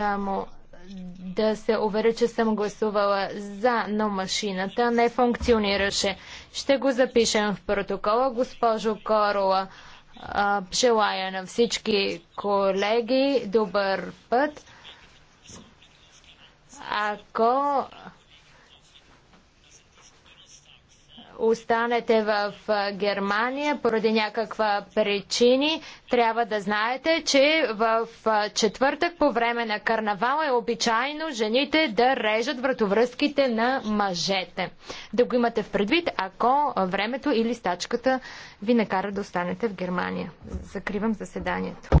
само да се уверя, че съм гласувала за, но машината не функционираше. Ще го запишем в протокола. Госпожо Корола, желая на всички колеги добър път. Ако останете в Германия поради някаква причини, трябва да знаете, че в четвъртък по време на карнавала е обичайно жените да режат вратовръзките на мъжете. Да го имате в предвид, ако времето или стачката ви накара да останете в Германия. Закривам заседанието.